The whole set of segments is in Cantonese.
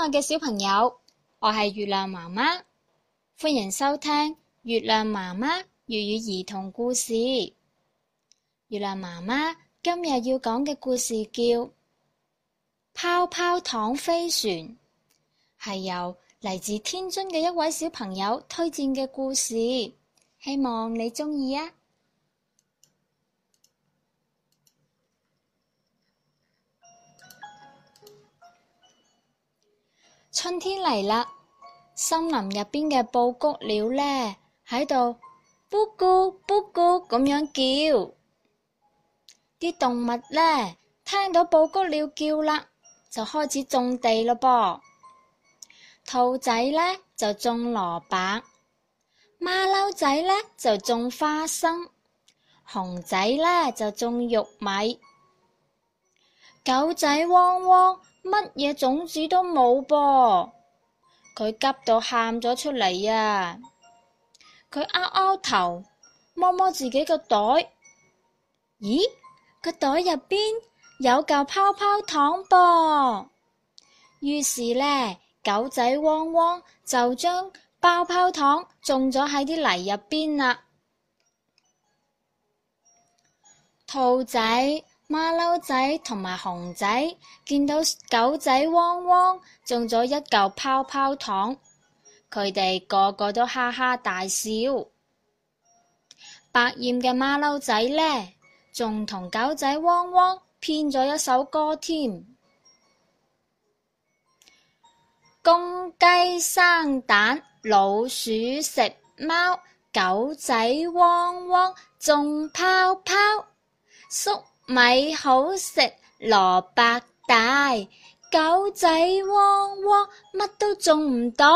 親愛嘅小朋友，我係月亮媽媽，歡迎收聽月亮媽媽粵語兒童故事。月亮媽媽今日要講嘅故事叫《泡泡糖飛船》，係由嚟自天津嘅一位小朋友推薦嘅故事，希望你鍾意啊！.春天嚟啦，森林入邊嘅布穀鳥呢喺度咕咕咕咕咁樣叫，啲動物呢聽到布穀鳥叫啦，就開始種地咯噃。兔仔呢就種蘿蔔，馬騮仔呢就種花生，熊仔呢就種玉米，狗仔汪汪。乜嘢種子都冇噃，佢急到喊咗出嚟啊！佢撓撓頭，摸摸自己個袋，咦？個袋入邊有嚿泡泡糖噃。於是呢，狗仔汪汪就將泡泡糖種咗喺啲泥入邊啦。兔仔。馬騮仔同埋熊仔見到狗仔汪汪中咗一嚿泡泡糖，佢哋個個都哈哈大笑。百厭嘅馬騮仔呢，仲同狗仔汪汪編咗一首歌添。公雞生蛋，老鼠食貓，狗仔汪汪中泡泡，叔，咪好食，蘿蔔大，狗仔汪汪，乜都種唔到。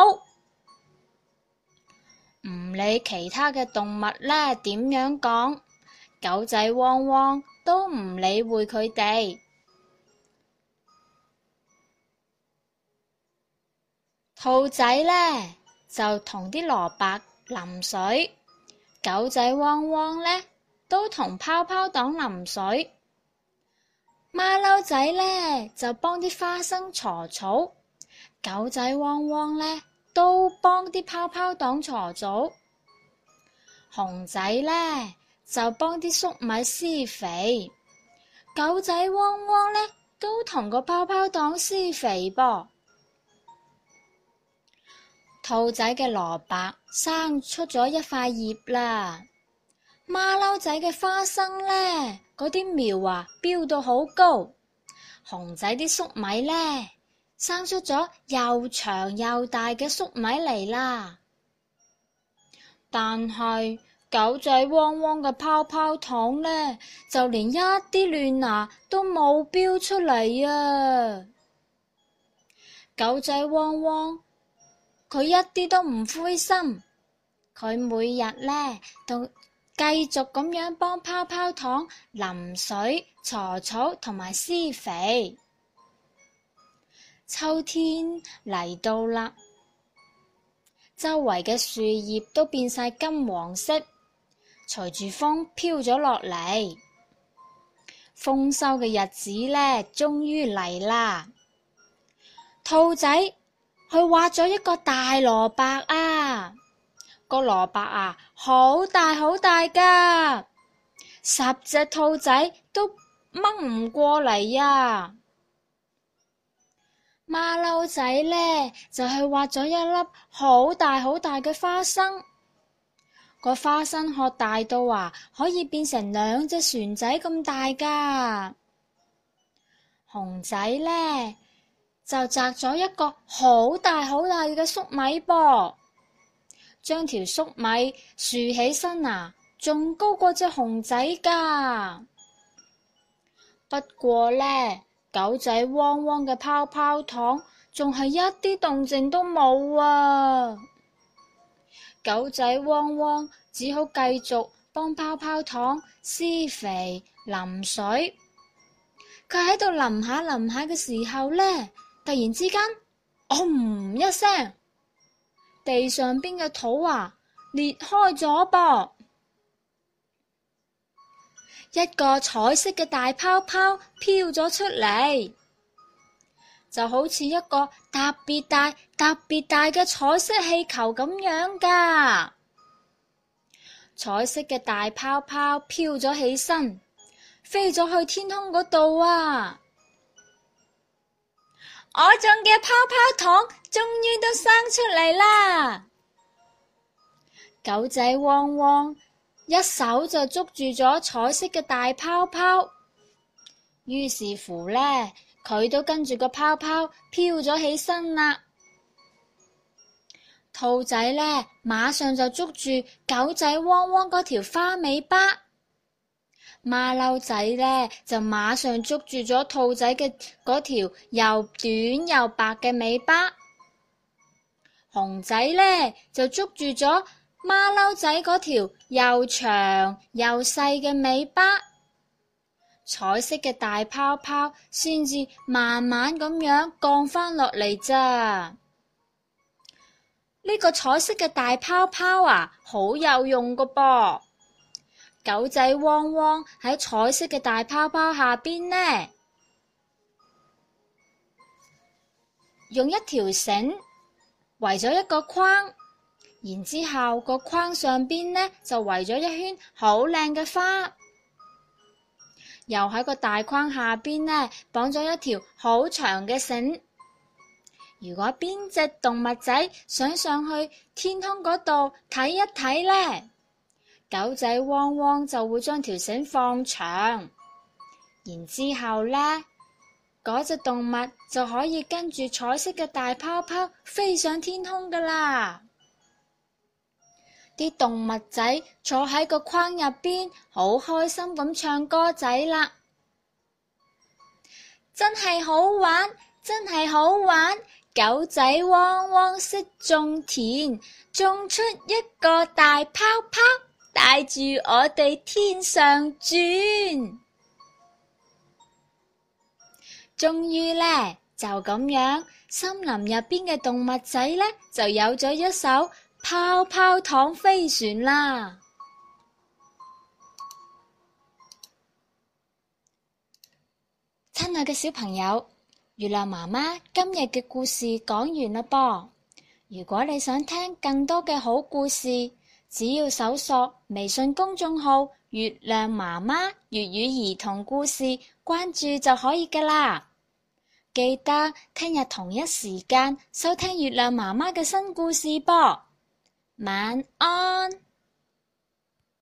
唔理其他嘅動物呢，點樣講，狗仔汪汪都唔理會佢哋。兔仔呢就同啲蘿蔔淋水，狗仔汪汪呢。都同泡泡糖淋水，馬騮仔呢，就幫啲花生鋤草，狗仔汪汪呢，都幫啲泡泡糖鋤草，熊仔呢，就幫啲粟米施肥，狗仔汪汪呢，都同個泡泡糖施肥噃。兔仔嘅蘿蔔生出咗一塊葉啦。.孖騮仔嘅花生呢？嗰啲苗啊，飆到好高。熊仔啲粟米呢，生出咗又長又大嘅粟米嚟啦。但係狗仔汪汪嘅泡泡糖呢，就連一啲嫩芽都冇飆出嚟啊！狗仔汪汪，佢一啲都唔灰心，佢每日呢都。繼續咁樣幫泡泡糖淋水、鋤草同埋施肥。秋天嚟到啦，周圍嘅樹葉都變晒金黃色，隨住風飄咗落嚟。豐收嘅日子呢，終於嚟啦！兔仔去挖咗一個大蘿蔔啊！個蘿卜啊，好大好大噶，十隻兔仔都掹唔過嚟呀、啊。馬騮仔呢，就去挖咗一粒好大好大嘅花生，個花生殼大到啊，可以變成兩隻船仔咁大噶。熊仔呢，就摘咗一個好大好大嘅粟米噃。將條粟米豎起身啊，仲高過隻熊仔㗎。不過呢，狗仔汪汪嘅泡泡糖仲係一啲動靜都冇啊。狗仔汪汪只好繼續幫泡泡糖施肥淋水。佢喺度淋下淋下嘅時候呢，突然之間，轟一聲。地上邊嘅土啊裂開咗噃，啊，一個彩色嘅大泡泡飄咗出嚟，就好似一個特別大，特別大嘅彩色氣球咁樣噶。彩色嘅大泡泡飄咗起身，飛咗去天空嗰度啊！我種嘅泡泡糖終於都生出嚟啦！狗仔汪汪一手就捉住咗彩色嘅大泡泡，於是乎呢，佢都跟住個泡泡飄咗起身啦。兔仔呢，馬上就捉住狗仔汪汪嗰條花尾巴。孖騮仔呢，就馬上捉住咗兔仔嘅嗰條又短又白嘅尾巴，熊仔呢，就捉住咗孖騮仔嗰條又長又細嘅尾巴，彩色嘅大泡泡先至慢慢咁樣降返落嚟咋。呢個彩色嘅大泡泡啊，好有用個噃。狗仔汪汪喺彩色嘅大泡泡下邊呢，用一條繩圍咗一個框，然之後個框上邊呢，就圍咗一圈好靚嘅花，又喺個大框下邊呢綁咗一條好長嘅繩。如果邊隻動物仔想上去天空嗰度睇一睇呢，狗仔汪汪就會將條繩放長，然之後呢，嗰隻動物就可以跟住彩色嘅大泡泡飛上天空噶啦。啲動物仔坐喺個框入邊，好開心咁唱歌仔啦，真係好玩，真係好玩。狗仔汪汪識種田，種出一個大泡泡。帶住我哋天上轉，終於呢就咁樣，森林入邊嘅動物仔呢，就有咗一艘泡泡糖飛船啦。親愛嘅小朋友，月亮媽媽今日嘅故事講完啦噃。如果你想聽更多嘅好故事，只要搜索微信公眾號《月亮媽媽粵語兒童故事》，關注就可以噶啦。記得聽日同一時間收聽月亮媽媽嘅新故事噃。晚安。